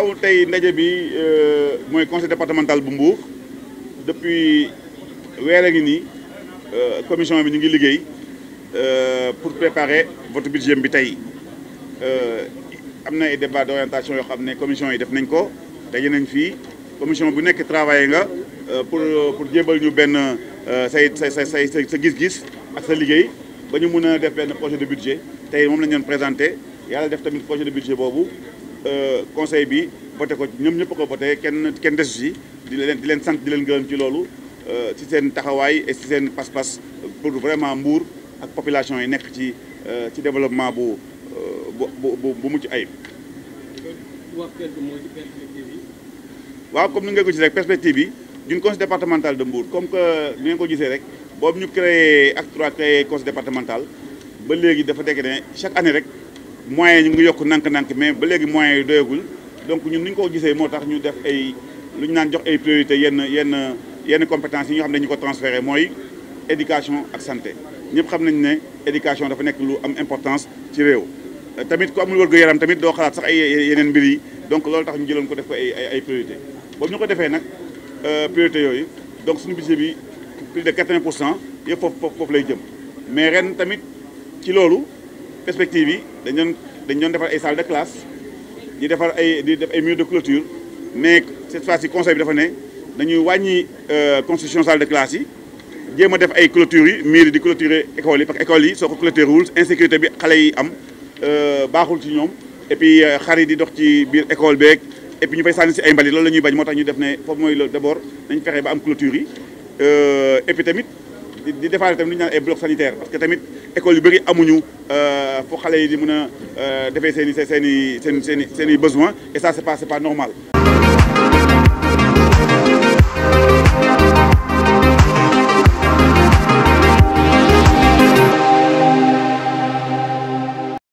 Euh, conseil départemental de depuis la euh, commission euh, pour préparer votre budget bi d'orientation commission yi commission pour pour ñu Nous avons projet de budget Nous avons présenté projet de budget Euh, conseil bi voté ko ñoom ñëpp ko voté kenn kenn desu si di leen di leen sant di leen gërëm ci loolu euh, ci seen taxawaay et ci seen pas-pas pour vraiment mbuur ak population yi nekk ci euh, ci développement bu bu bu mucc ayib. waaw comme ni nga ko gisee rek perspective bi d'une conseil départemental de Mbour comme que ni ngeen ko gisee rek boobu ñu créé acte trois créé conseil départemental ba léegi dafa dekk ne chaque année rek. moyens ñu ngi yok nank-nank mais ba légui moyens yi doyagul donc ñun ni ñu ko gisee motax ñu def ay luñ nane jox ay priorité yenn yenn yenn compétences yi nga xam ne ko transférer moy éducation ak santé ñëpp xam nañu ne éducation dafa nek lu am importance ci réew tamit ku amul wërgu yaram tamit do xalat sax ay yenen mbir yi donc loolu tax ñu jëloon ko def ko ay ay priorité boobu ñu ko defee nag euh, priorité yoy donc suñu budget bi plus de 80 pour cent yëpp lay jëm mais ren tamit ci loolu perspective yi dañ doon dañ ay salle de classe di defar ay di def ay murs de clôture mais cette fois ci conseil bi dafa né dañuy euh construction salle de classe yi jéem def ay clôture yi murs di clôturer école yi parce que école yi soko ko rules insécurité bi xalé yi am euh baxul ci ñom et puis euh, xari di dox ci biir école beeg et puis ñu fay sànni ci ay mbalit lolu la ñuy bañ motax ñu def né foofu moy d'abord nañ fexe ba am clôture yi euh et puis tamit di defaale tam lu ñu naan bloc sanitaire parce que tamit école yu bëri amuñu euh foo xalé yi di mëna euh défé seen i seen i seen besoin et ça c'est pas c'est pas normal